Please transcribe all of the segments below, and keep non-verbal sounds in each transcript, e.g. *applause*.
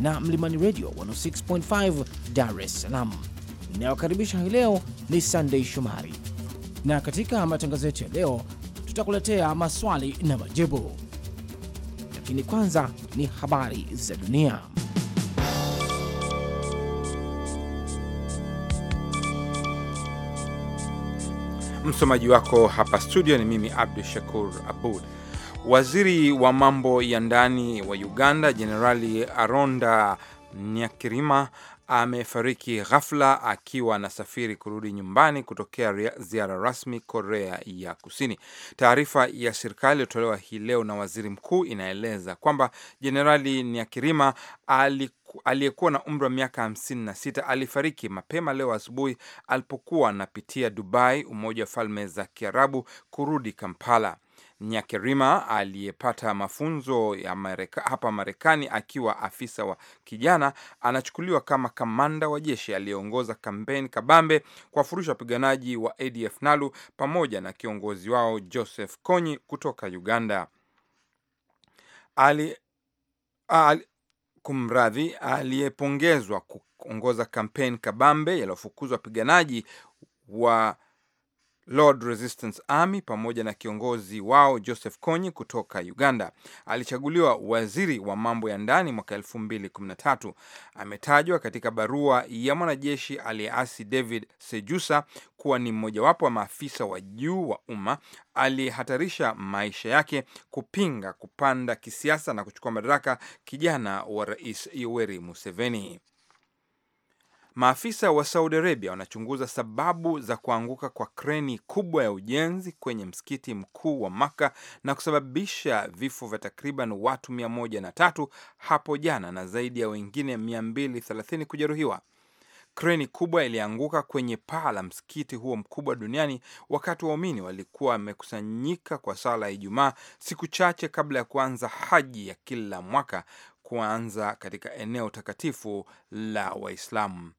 na Mlimani Radio 106.5 Dar es Salaam. Inayokaribisha hii leo ni Sunday Shomari, na katika matangazo yetu ya leo tutakuletea maswali na majibu, lakini kwanza ni habari za dunia. Msomaji wako hapa studio ni mimi Abdu Shakur Abud. Waziri wa mambo ya ndani wa Uganda Jenerali Aronda Nyakirima amefariki ghafla akiwa anasafiri kurudi nyumbani kutokea ziara rasmi Korea ya Kusini. Taarifa ya serikali iliyotolewa hii leo na waziri mkuu inaeleza kwamba Jenerali Nyakirima aliyekuwa na umri wa miaka 56 alifariki mapema leo asubuhi alipokuwa anapitia Dubai, Umoja wa Falme za Kiarabu, kurudi Kampala. Nyakerima aliyepata mafunzo ya hapa Marekani akiwa afisa wa kijana anachukuliwa kama kamanda wa jeshi aliyeongoza kampeni kabambe kuwafurusha wapiganaji wa ADF NALU pamoja na kiongozi wao Joseph Kony kutoka Uganda. Ali, ali, kumradhi, aliyepongezwa kuongoza kampeni kabambe yaliyofukuzwa wapiganaji wa Lord Resistance Army pamoja na kiongozi wao Joseph Kony kutoka Uganda. Alichaguliwa waziri wa mambo ya ndani mwaka 2013. Ametajwa katika barua ya mwanajeshi aliyeasi David Sejusa kuwa ni mmojawapo wa maafisa wa juu wa umma aliyehatarisha maisha yake kupinga kupanda kisiasa na kuchukua madaraka kijana wa Rais Yoweri Museveni. Maafisa wa Saudi Arabia wanachunguza sababu za kuanguka kwa kreni kubwa ya ujenzi kwenye msikiti mkuu wa Makka na kusababisha vifo vya takriban watu 103 hapo jana na zaidi ya wengine 230 kujeruhiwa. Kreni kubwa ilianguka kwenye paa la msikiti huo mkubwa duniani wakati waumini walikuwa wamekusanyika kwa sala ya Ijumaa, siku chache kabla ya kuanza haji ya kila mwaka kuanza katika eneo takatifu la Waislamu.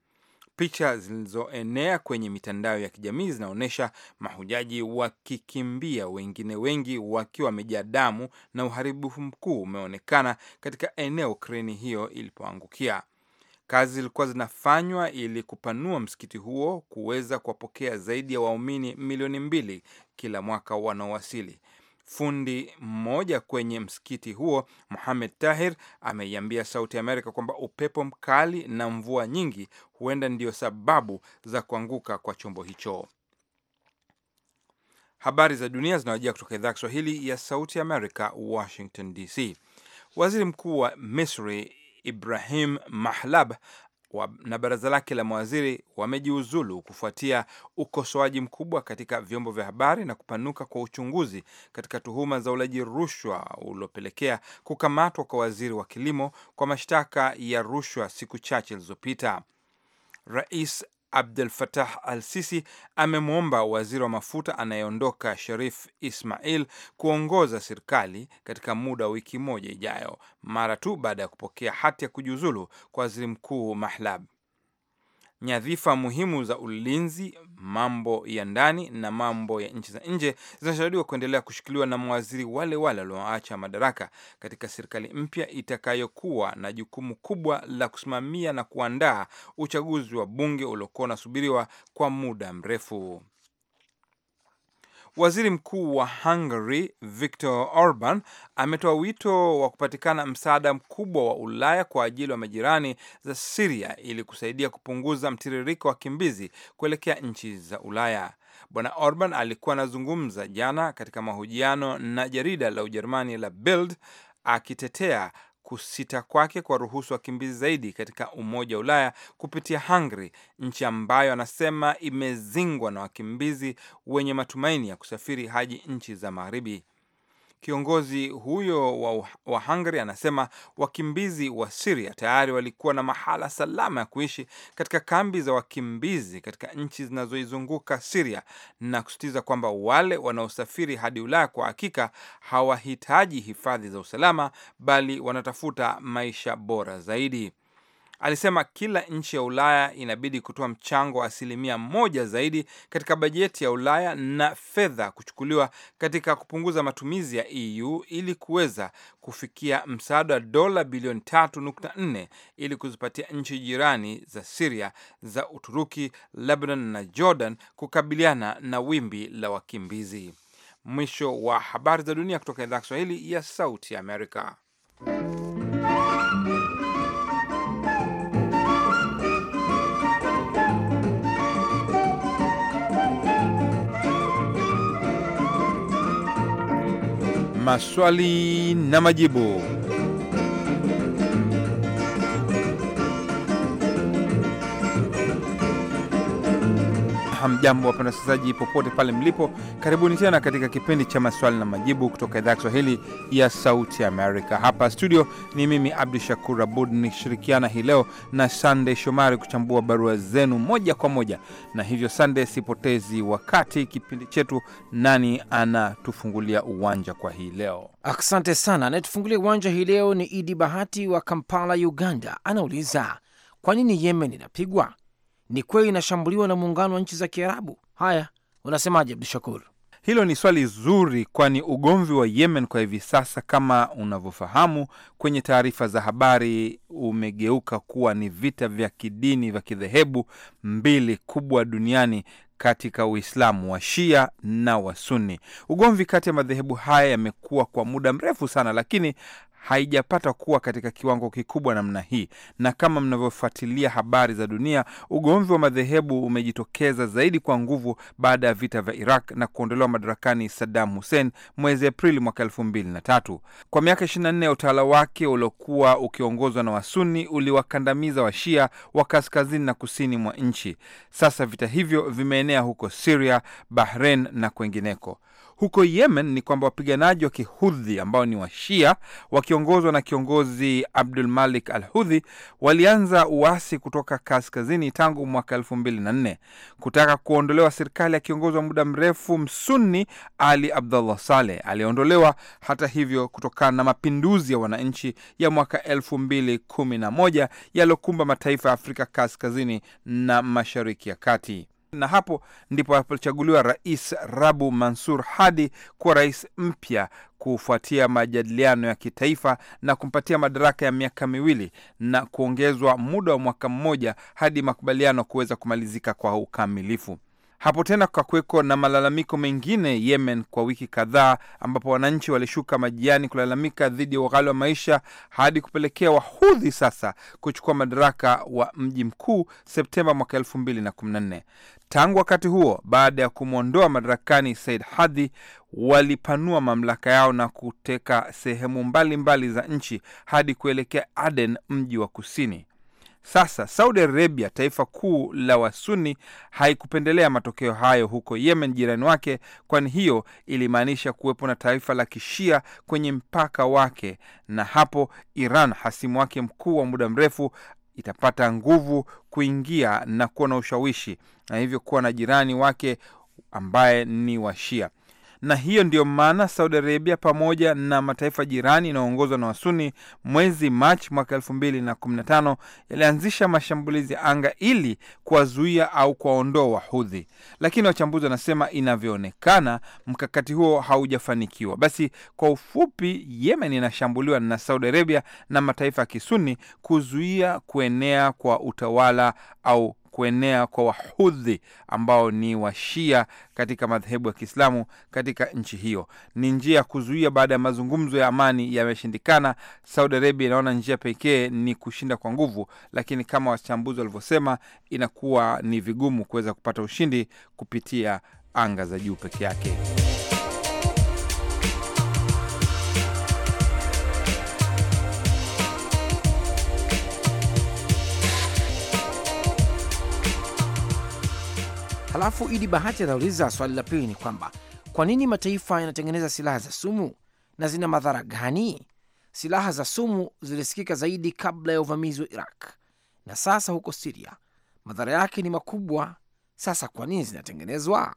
Picha zilizoenea kwenye mitandao ya kijamii zinaonyesha mahujaji wakikimbia, wengine wengi wakiwa wamejaa damu, na uharibifu mkuu umeonekana katika eneo kreni hiyo ilipoangukia. Kazi zilikuwa zinafanywa ili kupanua msikiti huo kuweza kuwapokea zaidi ya waumini milioni mbili kila mwaka wanaowasili. Fundi mmoja kwenye msikiti huo Muhamed Tahir ameiambia Sauti Amerika kwamba upepo mkali na mvua nyingi huenda ndiyo sababu za kuanguka kwa chombo hicho. Habari za dunia zinawajia kutoka idhaa ya Kiswahili ya Sauti Amerika, Washington DC. Waziri Mkuu wa Misri Ibrahim Mahlab na baraza lake la mawaziri wamejiuzulu kufuatia ukosoaji mkubwa katika vyombo vya habari na kupanuka kwa uchunguzi katika tuhuma za ulaji rushwa uliopelekea kukamatwa kwa waziri wa kilimo kwa mashtaka ya rushwa siku chache zilizopita. Rais Abdel Fattah al-Sisi amemwomba waziri wa mafuta anayeondoka Sherif Ismail kuongoza serikali katika muda wa wiki moja ijayo mara tu baada ya kupokea hati ya kujiuzulu kwa waziri mkuu Mahlab nyadhifa muhimu za ulinzi, mambo ya ndani na mambo ya nchi za nje zinashuhudiwa kuendelea kushikiliwa na mawaziri wale wale walioacha madaraka katika serikali mpya itakayokuwa na jukumu kubwa la kusimamia na kuandaa uchaguzi wa bunge uliokuwa unasubiriwa kwa muda mrefu. Waziri mkuu wa Hungary Viktor Orban ametoa wito wa kupatikana msaada mkubwa wa Ulaya kwa ajili wa majirani za Siria ili kusaidia kupunguza mtiririko wa wakimbizi kuelekea nchi za Ulaya. Bwana Orban alikuwa anazungumza jana katika mahojiano na jarida la Ujerumani la Bild akitetea kusita kwake kwa ruhusu wakimbizi zaidi katika Umoja wa Ulaya kupitia Hungary, nchi ambayo anasema imezingwa na wakimbizi wenye matumaini ya kusafiri hadi nchi za Magharibi. Kiongozi huyo wa, wa Hungary anasema wakimbizi wa Siria tayari walikuwa na mahala salama ya kuishi katika kambi za wakimbizi katika nchi zinazoizunguka Siria na kusisitiza kwamba wale wanaosafiri hadi Ulaya kwa hakika hawahitaji hifadhi za usalama bali wanatafuta maisha bora zaidi alisema kila nchi ya Ulaya inabidi kutoa mchango wa asilimia moja zaidi katika bajeti ya Ulaya na fedha kuchukuliwa katika kupunguza matumizi ya EU ili kuweza kufikia msaada wa dola bilioni 3.4 ili kuzipatia nchi jirani za Siria, za Uturuki, Lebanon na Jordan kukabiliana na wimbi la wakimbizi. Mwisho wa habari za dunia kutoka idhaa ya Kiswahili ya Sauti ya Amerika. maswali na majibu. Hamjambo, wapenda wasikilizaji popote pale mlipo, karibuni tena katika kipindi cha maswali na majibu kutoka idhaa ya Kiswahili ya Sauti ya Amerika. Hapa studio ni mimi Abdu Shakur Abud nikishirikiana hii leo na Sandey Shomari kuchambua barua zenu moja kwa moja. Na hivyo Sandey, sipotezi wakati, kipindi chetu nani anatufungulia uwanja kwa hii leo? Asante sana. Anayetufungulia uwanja hii leo ni Idi Bahati wa Kampala, Uganda. Anauliza, kwa nini Yemen inapigwa? ni kweli inashambuliwa na muungano wa nchi za Kiarabu. Haya, unasemaje Abdu Shakur? Hilo ni swali zuri, kwani ugomvi wa Yemen kwa hivi sasa, kama unavyofahamu kwenye taarifa za habari, umegeuka kuwa ni vita vya kidini vya kidhehebu mbili kubwa duniani katika Uislamu wa Shia na wa Ugomvi kati ya madhehebu haya yamekuwa kwa muda mrefu sana, lakini haijapata kuwa katika kiwango kikubwa namna hii, na kama mnavyofuatilia habari za dunia, ugomvi wa madhehebu umejitokeza zaidi kwa nguvu baada ya vita vya Iraq na kuondolewa madarakani Saddam Hussein mwezi Aprili mwaka elfu mbili na tatu. Kwa miaka 24 ya utawala wake uliokuwa ukiongozwa na Wasuni uliwakandamiza Washia wa kaskazini na kusini mwa nchi. Sasa vita hivyo vimeenea huko Siria, Bahrain na kwengineko. Huko Yemen ni kwamba wapiganaji wa kihudhi ambao ni washia wakiongozwa na kiongozi Abdul Malik al Hudhi walianza uasi kutoka kaskazini tangu mwaka elfu mbili na nne kutaka kuondolewa serikali akiongozwa muda mrefu msunni Ali Abdullah Saleh aliyeondolewa hata hivyo kutokana na mapinduzi ya wananchi ya mwaka elfu mbili kumi na moja yaliyokumba mataifa ya Afrika kaskazini na mashariki ya kati na hapo ndipo alipochaguliwa Rais Rabu Mansur Hadi kuwa rais mpya kufuatia majadiliano ya kitaifa na kumpatia madaraka ya miaka miwili na kuongezwa muda wa mwaka mmoja hadi makubaliano kuweza kumalizika kwa ukamilifu. Hapo tena kukakuweko na malalamiko mengine Yemen kwa wiki kadhaa, ambapo wananchi walishuka majiani kulalamika dhidi ya ughali wa maisha hadi kupelekea wahudhi sasa kuchukua madaraka wa mji mkuu Septemba mwaka elfu mbili na kumi na nne. Tangu wakati huo, baada ya kumwondoa madarakani Said Hadhi, walipanua mamlaka yao na kuteka sehemu mbalimbali mbali za nchi hadi kuelekea Aden, mji wa kusini. Sasa Saudi Arabia, taifa kuu la Wasuni, haikupendelea matokeo hayo huko Yemen, jirani wake, kwani hiyo ilimaanisha kuwepo na taifa la kishia kwenye mpaka wake, na hapo Iran, hasimu wake mkuu wa muda mrefu, itapata nguvu kuingia na kuwa na ushawishi na hivyo kuwa na jirani wake ambaye ni Washia na hiyo ndiyo maana Saudi Arabia pamoja na mataifa jirani inayoongozwa na Wasuni mwezi Machi mwaka 215 yalianzisha mashambulizi ya anga ili kuwazuia au kuwaondoa Wahudhi, lakini wachambuzi wanasema inavyoonekana mkakati huo haujafanikiwa. Basi kwa ufupi, Yemen inashambuliwa na Saudi Arabia na mataifa ya Kisuni kuzuia kuenea kwa utawala au kuenea kwa wahudhi ambao ni washia katika madhehebu ya Kiislamu katika nchi hiyo. Ni njia ya kuzuia baada ya mazungumzo ya amani yameshindikana. Saudi Arabia inaona njia pekee ni kushinda kwa nguvu, lakini kama wachambuzi walivyosema, inakuwa ni vigumu kuweza kupata ushindi kupitia anga za juu peke yake. Halafu Idi Bahati anauliza swali la pili ni kwamba kwa nini mataifa yanatengeneza silaha za sumu na zina madhara gani? Silaha za sumu zilisikika zaidi kabla ya uvamizi wa Iraq na sasa huko Siria, madhara yake ni makubwa. Sasa kwa nini zinatengenezwa?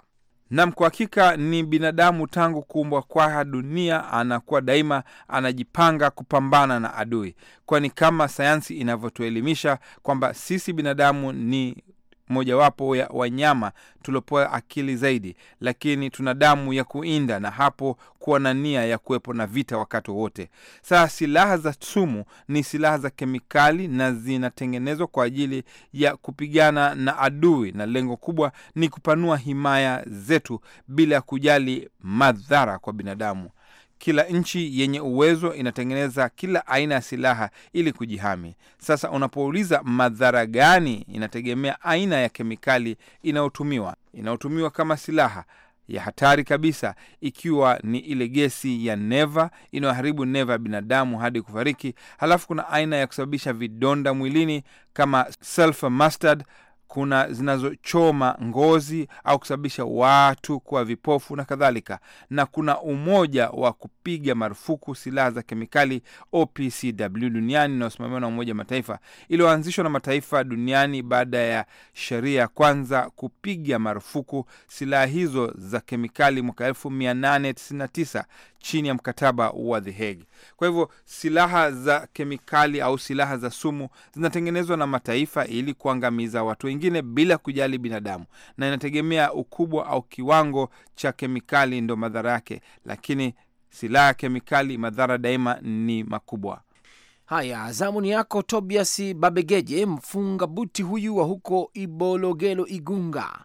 Nam, kwa hakika ni binadamu tangu kuumbwa kwa dunia anakuwa daima anajipanga kupambana na adui, kwani kama sayansi inavyotuelimisha kwamba sisi binadamu ni mojawapo ya wanyama tuliopewa akili zaidi, lakini tuna damu ya kuinda na hapo kuwa na nia ya kuwepo na vita wakati wowote. Sasa silaha za sumu ni silaha za kemikali na zinatengenezwa kwa ajili ya kupigana na adui, na lengo kubwa ni kupanua himaya zetu bila kujali madhara kwa binadamu. Kila nchi yenye uwezo inatengeneza kila aina ya silaha ili kujihami. Sasa unapouliza madhara gani, inategemea aina ya kemikali inayotumiwa inayotumiwa kama silaha ya hatari kabisa, ikiwa ni ile gesi ya neva inayoharibu neva ya binadamu hadi kufariki. Halafu kuna aina ya kusababisha vidonda mwilini kama sulfur mustard kuna zinazochoma ngozi au kusababisha watu kuwa vipofu na kadhalika, na kuna umoja wa kupiga marufuku silaha za kemikali OPCW duniani inayosimamiwa na Umoja wa Mataifa, iliyoanzishwa na mataifa duniani baada ya sheria ya kwanza kupiga marufuku silaha hizo za kemikali mwaka 1899 chini ya mkataba wa The Hague. Kwa hivyo silaha za kemikali au silaha za sumu zinatengenezwa na mataifa ili kuangamiza watu vingine bila kujali binadamu, na inategemea ukubwa au kiwango cha kemikali ndo madhara yake, lakini silaha ya kemikali madhara daima ni makubwa. Haya, zamuni yako Tobias Babegeje, mfunga buti huyu wa huko Ibologelo, Igunga,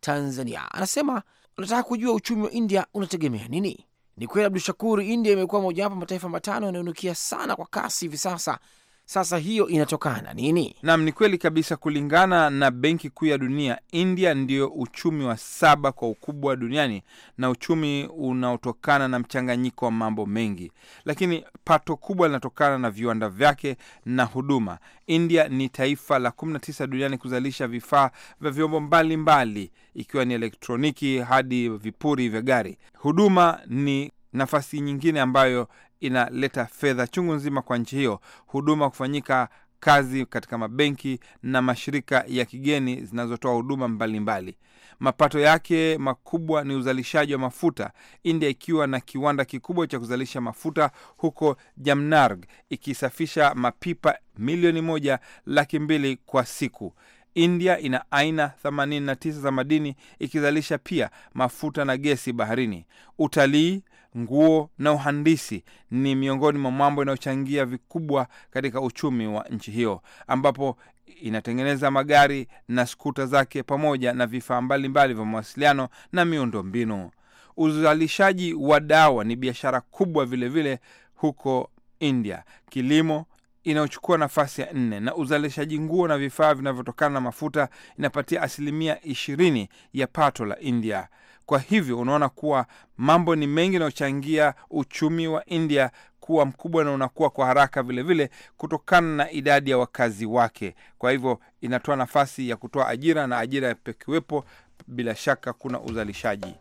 Tanzania, anasema unataka kujua uchumi wa India unategemea nini? Ni kweli Abdu Shakur, India imekuwa mojawapo mataifa matano yanayonukia sana kwa kasi hivi sasa sasa hiyo inatokana nini? Nam, ni kweli kabisa. Kulingana na Benki Kuu ya Dunia, India ndiyo uchumi wa saba kwa ukubwa duniani na uchumi unaotokana na mchanganyiko wa mambo mengi, lakini pato kubwa linatokana na viwanda vyake na huduma. India ni taifa la 19 duniani kuzalisha vifaa vya vyombo mbalimbali, ikiwa ni elektroniki hadi vipuri vya gari. Huduma ni nafasi nyingine ambayo inaleta fedha chungu nzima kwa nchi hiyo, huduma kufanyika kazi katika mabenki na mashirika ya kigeni zinazotoa huduma mbalimbali. Mapato yake makubwa ni uzalishaji wa mafuta, India ikiwa na kiwanda kikubwa cha kuzalisha mafuta huko Jamnarg, ikisafisha mapipa milioni moja laki mbili kwa siku. India ina aina 89 za madini ikizalisha pia mafuta na gesi baharini. Utalii nguo na uhandisi ni miongoni mwa mambo inayochangia vikubwa katika uchumi wa nchi hiyo, ambapo inatengeneza magari na skuta zake pamoja na vifaa mbalimbali vya mawasiliano na miundo mbinu. Uzalishaji wa dawa ni biashara kubwa vilevile vile huko India. Kilimo inayochukua nafasi ya nne na uzalishaji nguo na vifaa vinavyotokana na mafuta inapatia asilimia ishirini ya pato la India. Kwa hivyo unaona kuwa mambo ni mengi yanayochangia uchumi wa India kuwa mkubwa na unakuwa kwa haraka vilevile vile, kutokana na idadi ya wakazi wake. Kwa hivyo inatoa nafasi ya kutoa ajira na ajira pekiwepo bila shaka kuna uzalishaji.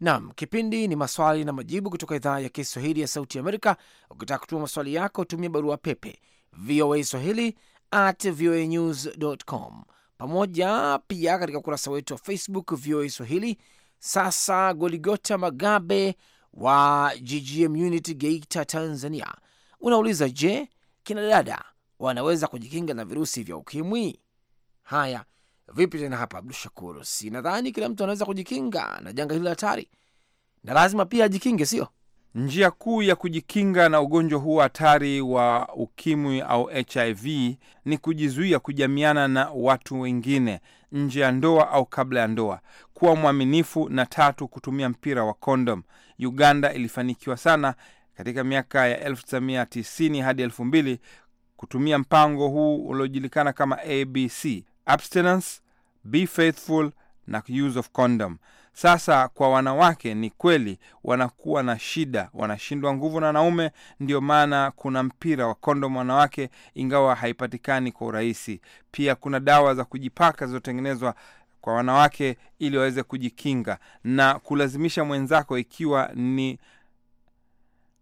Nam, kipindi ni maswali na majibu kutoka idhaa ya Kiswahili ya Sauti Amerika. Ukitaka kutuma maswali yako, tumia barua pepe VOA swahili at voa news com, pamoja pia katika ukurasa wetu wa Facebook VOA Swahili. Sasa Goligota Magabe wa GGM Unit Geita, Tanzania, unauliza je, kina dada wanaweza kujikinga na virusi vya ukimwi? Haya, Vipi tena hapa, Abdu Shakur? Si nadhani kila mtu anaweza kujikinga na janga hili hatari, na lazima pia ajikinge, sio? Njia kuu ya kujikinga na ugonjwa huu hatari wa ukimwi au HIV ni kujizuia kujamiana na watu wengine nje ya ndoa au kabla ya ndoa, kuwa mwaminifu, na tatu, kutumia mpira wa kondom. Uganda ilifanikiwa sana katika miaka ya 1990 hadi 2000 kutumia mpango huu uliojulikana kama ABC abstinence, be faithful na use of condom. Sasa kwa wanawake ni kweli wanakuwa na shida, wanashindwa nguvu na wanaume. Ndio maana kuna mpira wa kondomu wanawake, ingawa haipatikani kwa urahisi. Pia kuna dawa za kujipaka zilizotengenezwa kwa wanawake ili waweze kujikinga na kulazimisha mwenzako ikiwa ni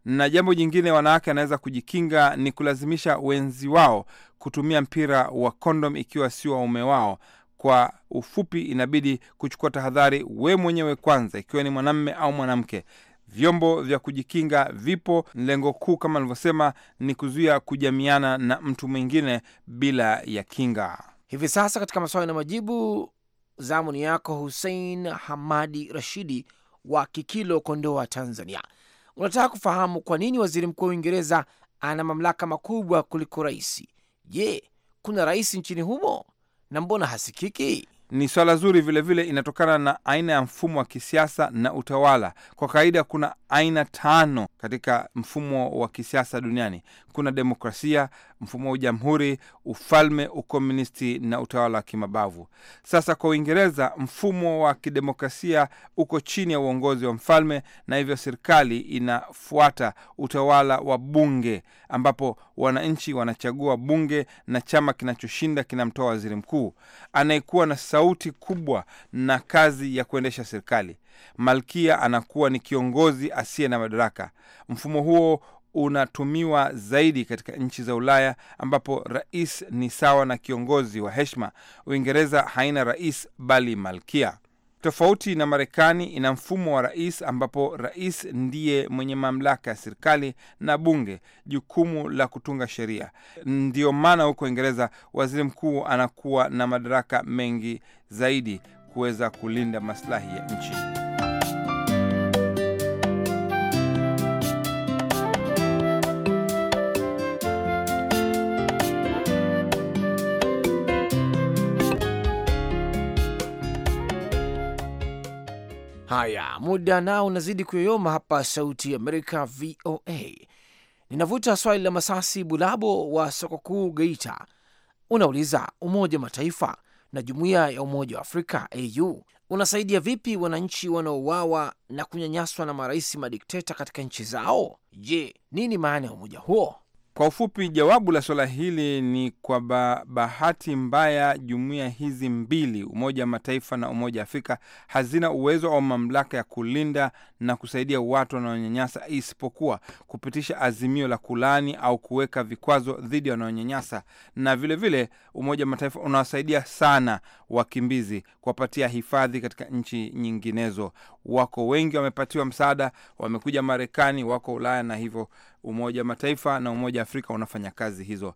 na jambo jingine wanawake anaweza kujikinga ni kulazimisha wenzi wao kutumia mpira wa kondom ikiwa si waume wao. Kwa ufupi, inabidi kuchukua tahadhari we mwenyewe kwanza, ikiwa ni mwanamme au mwanamke. Vyombo vya kujikinga vipo. Lengo kuu kama alivyosema ni kuzuia kujamiana na mtu mwingine bila ya kinga. Hivi sasa katika maswali na majibu, zamu ni yako husein Hamadi Rashidi wa Kikilo, Kondoa, Tanzania. Unataka kufahamu kwa nini waziri mkuu wa Uingereza ana mamlaka makubwa kuliko raisi, Je, kuna rais nchini humo na mbona hasikiki? Ni swala zuri vilevile, inatokana na aina ya mfumo wa kisiasa na utawala. Kwa kawaida kuna aina tano katika mfumo wa kisiasa duniani. Kuna demokrasia, mfumo wa ujamhuri ufalme, ukomunisti na utawala wa kimabavu. Sasa kwa Uingereza, mfumo wa kidemokrasia uko chini ya uongozi wa mfalme, na hivyo serikali inafuata utawala wa bunge, ambapo wananchi wanachagua bunge na chama kinachoshinda kinamtoa waziri mkuu anayekuwa na sauti kubwa na kazi ya kuendesha serikali malkia anakuwa ni kiongozi asiye na madaraka. Mfumo huo unatumiwa zaidi katika nchi za Ulaya ambapo rais ni sawa na kiongozi wa heshima. Uingereza haina rais bali malkia. Tofauti na Marekani ina mfumo wa rais ambapo rais ndiye mwenye mamlaka ya serikali na bunge jukumu la kutunga sheria. Ndiyo maana huko Uingereza waziri mkuu anakuwa na madaraka mengi zaidi kuweza kulinda maslahi ya nchi. Haya, muda nao unazidi kuyoyoma hapa Sauti Amerika VOA. Ninavuta swali la Masasi Bulabo wa soko kuu Geita, unauliza Umoja wa Mataifa na Jumuiya ya Umoja wa Afrika au unasaidia vipi wananchi wanaouawa na kunyanyaswa na marais madikteta katika nchi zao? Je, nini maana ya umoja huo? Kwa ufupi, jawabu la suala hili ni kwamba bahati mbaya, jumuiya hizi mbili, Umoja wa Mataifa na Umoja wa Afrika, hazina uwezo au mamlaka ya kulinda na kusaidia watu wanaonyanyasa, isipokuwa kupitisha azimio la kulani au kuweka vikwazo dhidi ya wanaonyanyasa. Na vilevile vile, Umoja wa Mataifa unawasaidia sana wakimbizi, kuwapatia hifadhi katika nchi nyinginezo. Wako wengi wamepatiwa msaada, wamekuja Marekani, wako Ulaya na hivyo Umoja wa Mataifa na Umoja wa Afrika unafanya kazi hizo,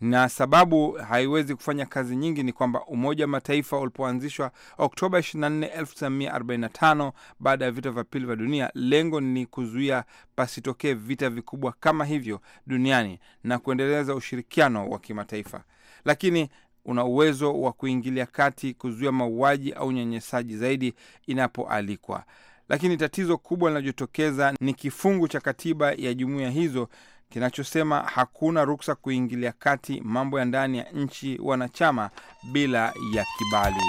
na sababu haiwezi kufanya kazi nyingi ni kwamba Umoja wa Mataifa ulipoanzishwa Oktoba 24, 1945 baada ya vita vya pili vya dunia, lengo ni kuzuia pasitokee vita vikubwa kama hivyo duniani na kuendeleza ushirikiano wa kimataifa, lakini una uwezo wa kuingilia kati, kuzuia mauaji au unyanyasaji zaidi inapoalikwa lakini tatizo kubwa linajitokeza ni kifungu cha katiba ya jumuiya hizo kinachosema hakuna ruksa kuingilia kati mambo ya ndani ya nchi wanachama bila ya kibali.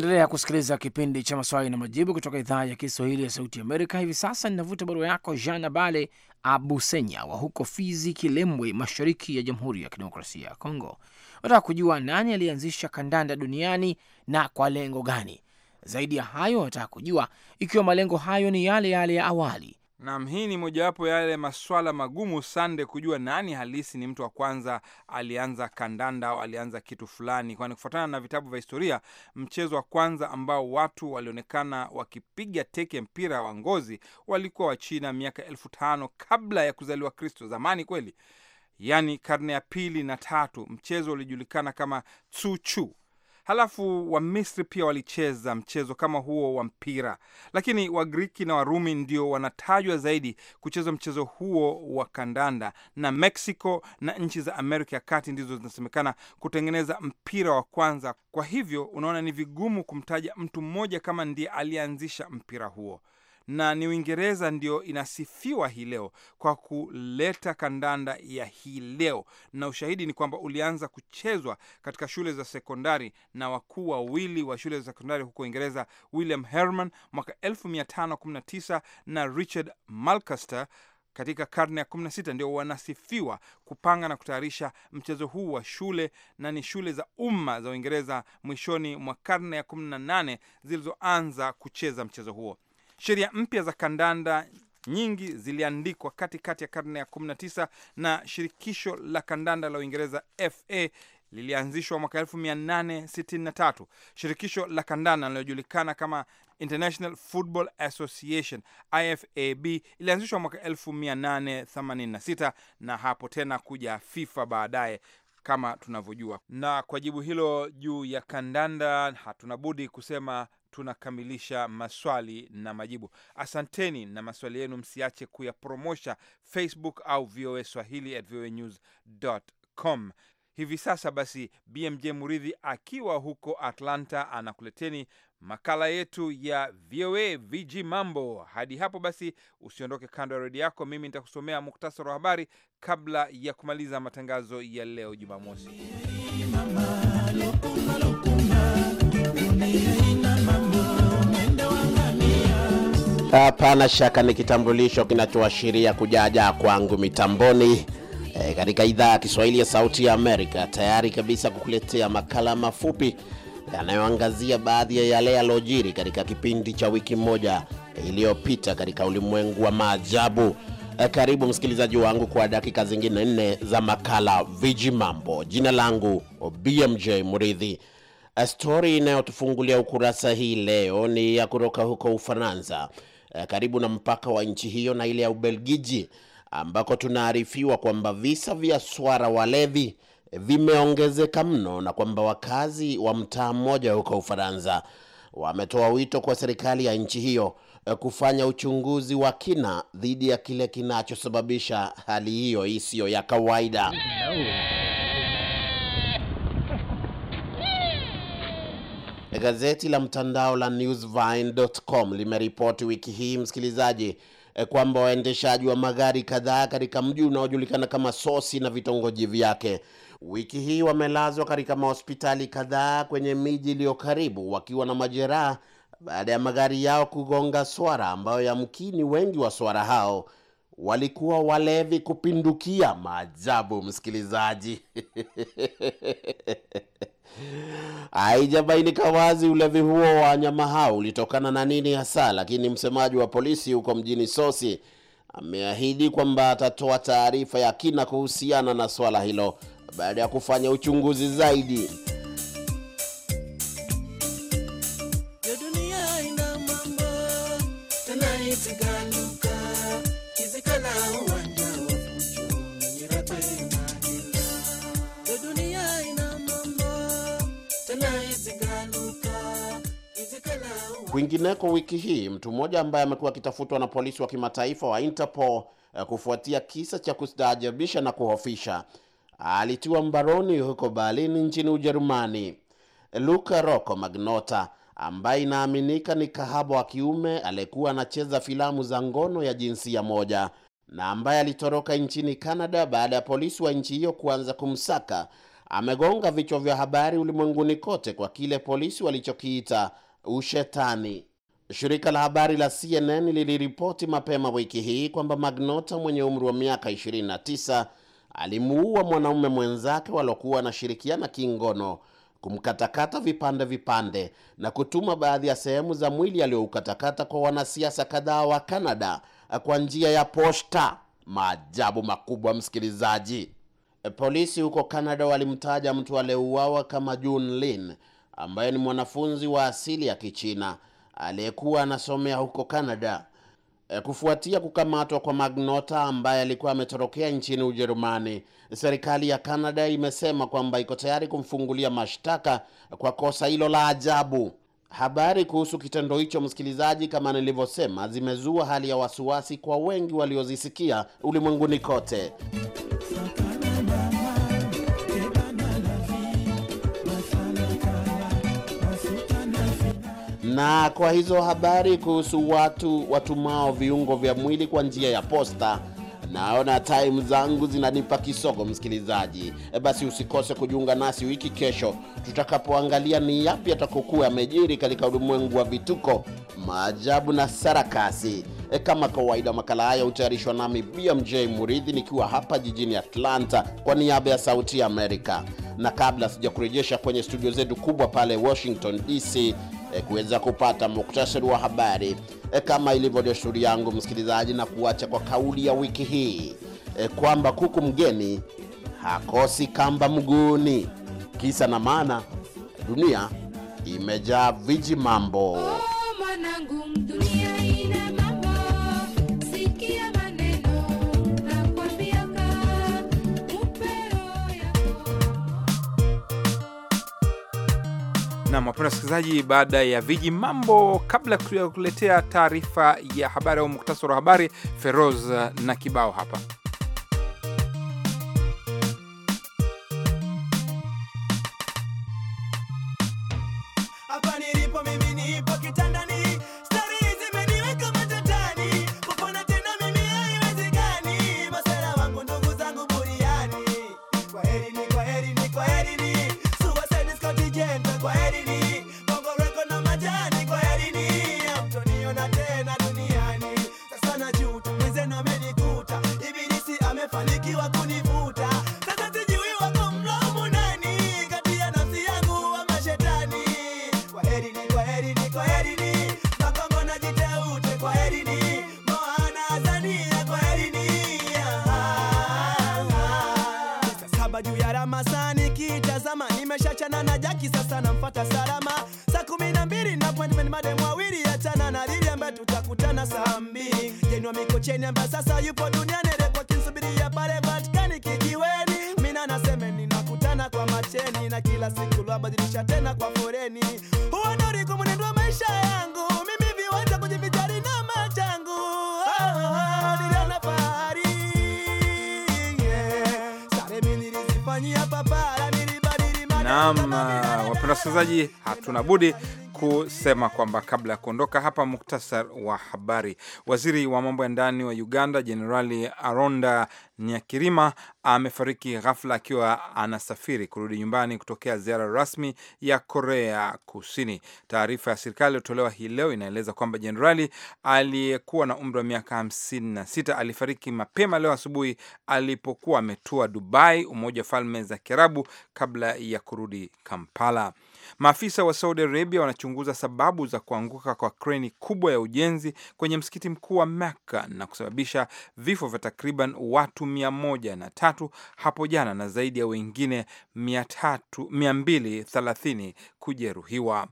Unaendelea kusikiliza kipindi cha maswali na majibu kutoka idhaa ya Kiswahili ya Sauti Amerika. Hivi sasa ninavuta barua yako Jean Bale Abusenya wa huko Fizi, Kilembwe, mashariki ya Jamhuri ya Kidemokrasia ya Kongo. Unataka kujua nani aliyeanzisha kandanda duniani na kwa lengo gani? Zaidi ya hayo, unataka kujua ikiwa malengo hayo ni yale yale ya awali Nam, hii ni mojawapo yale maswala magumu sande kujua nani halisi ni mtu wa kwanza alianza kandanda au alianza kitu fulani, kwani kufuatana na vitabu vya historia, mchezo wa kwanza ambao watu walionekana wakipiga teke mpira wa ngozi walikuwa Wachina miaka elfu tano kabla ya kuzaliwa Kristo. Zamani kweli, yani karne ya pili na tatu. Mchezo ulijulikana kama tsuchu Halafu Wamisri pia walicheza mchezo kama huo wa mpira, lakini wagriki na Warumi ndio wanatajwa zaidi kucheza mchezo huo wa kandanda, na Mexico na nchi za Amerika ya Kati ndizo zinasemekana kutengeneza mpira wa kwanza. Kwa hivyo unaona, ni vigumu kumtaja mtu mmoja kama ndiye alianzisha mpira huo na ni Uingereza ndio inasifiwa hii leo kwa kuleta kandanda ya hii leo, na ushahidi ni kwamba ulianza kuchezwa katika shule za sekondari na wakuu wawili wa shule za sekondari huko Uingereza, William Herman mwaka 1519 na Richard Malcaster katika karne ya 16 ndio wanasifiwa kupanga na kutayarisha mchezo huu wa shule, na ni shule za umma za Uingereza mwishoni mwa karne ya 18 zilizoanza kucheza mchezo huo. Sheria mpya za kandanda nyingi ziliandikwa katikati ya karne ya 19 na shirikisho la kandanda la Uingereza FA lilianzishwa mwaka 1863. Shirikisho la kandanda linalojulikana kama International Football Association IFAB ilianzishwa mwaka 1886 na hapo tena kuja FIFA baadaye kama tunavyojua. Na kwa jibu hilo juu ya kandanda hatuna budi kusema tunakamilisha maswali na majibu. Asanteni, na maswali yenu msiache kuyapromosha Facebook au VOA Swahili at VOA News com. Hivi sasa basi, BMJ Muridhi akiwa huko Atlanta anakuleteni makala yetu ya VOA Viji Mambo. Hadi hapo basi, usiondoke kando ya redi yako. Mimi nitakusomea muktasari wa habari kabla ya kumaliza matangazo ya leo Jumamosi. Hapana shaka ni kitambulisho kinachoashiria kujaja kwangu mitamboni e, katika idhaa ya Kiswahili ya Sauti ya Amerika, tayari kabisa kukuletea makala mafupi yanayoangazia baadhi ya yale yalojiri katika kipindi cha wiki moja iliyopita katika ulimwengu wa maajabu. E, karibu msikilizaji wangu kwa dakika zingine nne za makala Viji Mambo. Jina langu BMJ Muridhi. E, Stori inayotufungulia ukurasa hii leo ni ya kutoka huko Ufaransa Eh, karibu na mpaka wa nchi hiyo na ile ya Ubelgiji, ambako tunaarifiwa kwamba visa vya swara walevi vimeongezeka mno na kwamba wakazi wa mtaa mmoja huko Ufaransa wametoa wito kwa serikali ya nchi hiyo eh, kufanya uchunguzi wa kina dhidi ya kile kinachosababisha hali hiyo isiyo ya kawaida. Gazeti la mtandao la newsvine.com limeripoti wiki hii msikilizaji, eh, kwamba waendeshaji wa magari kadhaa katika mji unaojulikana kama Sosi na vitongoji vyake wiki hii wamelazwa katika mahospitali kadhaa kwenye miji iliyo karibu wakiwa na majeraha baada ya magari yao kugonga swara ambayo yamkini wengi wa swara hao walikuwa walevi kupindukia maajabu, msikilizaji. *laughs* Haijabainika wazi ulevi huo wa wanyama hao ulitokana na nini hasa, lakini msemaji wa polisi huko mjini Sosi ameahidi kwamba atatoa taarifa ya kina kuhusiana na swala hilo baada ya kufanya uchunguzi zaidi. Kwingineko wiki hii mtu mmoja ambaye amekuwa akitafutwa na polisi wa kimataifa wa Interpol eh, kufuatia kisa cha kustaajabisha na kuhofisha alitiwa mbaroni huko Berlin nchini Ujerumani. luka Rocco Magnota ambaye inaaminika ni kahaba wa kiume aliyekuwa anacheza filamu za ngono ya jinsia moja na ambaye alitoroka nchini Canada baada ya polisi wa nchi hiyo kuanza kumsaka, amegonga vichwa vya habari ulimwenguni kote kwa kile polisi walichokiita ushetani. Shirika la habari la CNN liliripoti mapema wiki hii kwamba Magnota mwenye umri wa miaka 29 alimuua mwanaume mwenzake waliokuwa wanashirikiana kingono, kumkatakata vipande vipande na kutuma baadhi ya sehemu za mwili aliyoukatakata kwa wanasiasa kadhaa wa Canada kwa njia ya posta. Maajabu makubwa, msikilizaji. Polisi huko Canada walimtaja mtu aliyeuawa kama June Lin ambaye ni mwanafunzi wa asili ya Kichina aliyekuwa anasomea huko Canada e, kufuatia kukamatwa kwa Magnota ambaye alikuwa ametorokea nchini Ujerumani. Serikali ya Canada imesema kwamba iko tayari kumfungulia mashtaka kwa kosa hilo la ajabu. Habari kuhusu kitendo hicho, msikilizaji, kama nilivyosema, zimezua hali ya wasiwasi kwa wengi waliozisikia ulimwenguni kote. Na kwa hizo habari kuhusu watu watumao viungo vya mwili kwa njia ya posta, naona time zangu zinanipa kisogo msikilizaji. E, basi usikose kujiunga nasi wiki kesho tutakapoangalia ni yapi atakokuwa yamejiri katika ulimwengu wa vituko, maajabu na sarakasi. E, kama kawaida makala haya hutayarishwa nami BMJ Muridhi nikiwa hapa jijini Atlanta kwa niaba ya Sauti ya Amerika, na kabla sijakurejesha kwenye studio zetu kubwa pale Washington DC e, kuweza kupata muktasari wa habari e, kama ilivyo desturi yangu msikilizaji, na kuacha kwa kauli ya wiki hii e, kwamba kuku mgeni hakosi kamba mguuni. Kisa na maana, dunia imejaa viji mambo. Oh, Nam wapenda wasikilizaji, baada ya viji mambo, kabla ya kuletea taarifa ya habari au muktasari wa habari, Feroz eh, na kibao hapa. Hapa nilipo mimi nipo kitandani foleni, na kila siku lwabadilisha tena kwa foreni Huona ulikuwa mwenendo wa maisha yangu mimi, viwanja kujivijari na machangu ah, niliona fahari sare nilizifanyia papara, nilibadili. Naam, wapenda wasikilizaji, hatuna budi kusema kwamba kabla ya kuondoka hapa, muktasar wa habari. Waziri wa mambo ya ndani wa Uganda Jenerali Aronda Nyakirima amefariki ghafla akiwa anasafiri kurudi nyumbani kutokea ziara rasmi ya Korea Kusini. Taarifa ya serikali iliyotolewa hii leo inaeleza kwamba jenerali aliyekuwa na umri wa miaka 56 alifariki mapema leo asubuhi alipokuwa ametua Dubai, Umoja wa Falme za Kiarabu, kabla ya kurudi Kampala. Maafisa wa Saudi Arabia wanachunguza sababu za kuanguka kwa kreni kubwa ya ujenzi kwenye msikiti mkuu wa Mecca na kusababisha vifo vya takriban watu mia moja na tatu hapo jana na zaidi ya wengine mia mbili thelathini kujeruhiwa.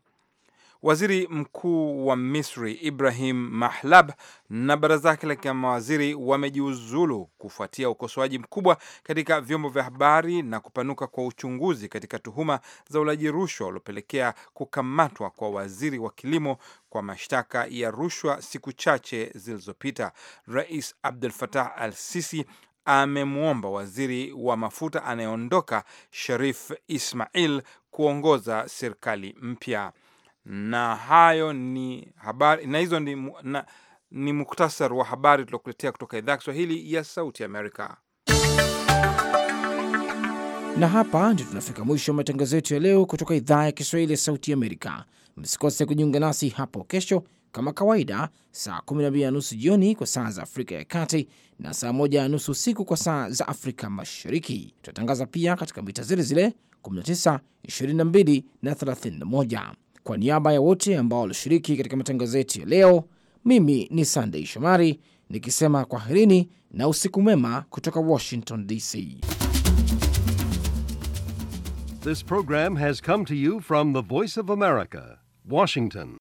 Waziri mkuu wa Misri Ibrahim Mahlab na baraza lake la mawaziri wamejiuzulu kufuatia ukosoaji mkubwa katika vyombo vya habari na kupanuka kwa uchunguzi katika tuhuma za ulaji rushwa uliopelekea kukamatwa kwa waziri wa kilimo kwa mashtaka ya rushwa siku chache zilizopita. Rais Abdel Fattah al-Sisi amemwomba waziri wa mafuta anayeondoka Sharif Ismail kuongoza serikali mpya na hayo ni habari na hizo ni, na, ni muktasar wa habari tuliokuletea kutoka idhaa ya Kiswahili ya Sauti Amerika. Na hapa ndio tunafika mwisho wa matangazo yetu ya leo kutoka idhaa ya Kiswahili ya Sauti Amerika. Msikose kujiunga nasi hapo kesho kama kawaida, saa 12 na nusu jioni kwa saa za Afrika ya Kati na saa 1 na nusu usiku kwa saa za Afrika Mashariki. tunatangaza pia katika mita zile zile 19, 22 na 31. Kwa niaba ya wote ambao walishiriki katika matangazo yetu ya leo, mimi ni Sandei Shomari nikisema kwaherini na usiku mwema kutoka Washington DC. This program has come to you from the Voice of America, Washington.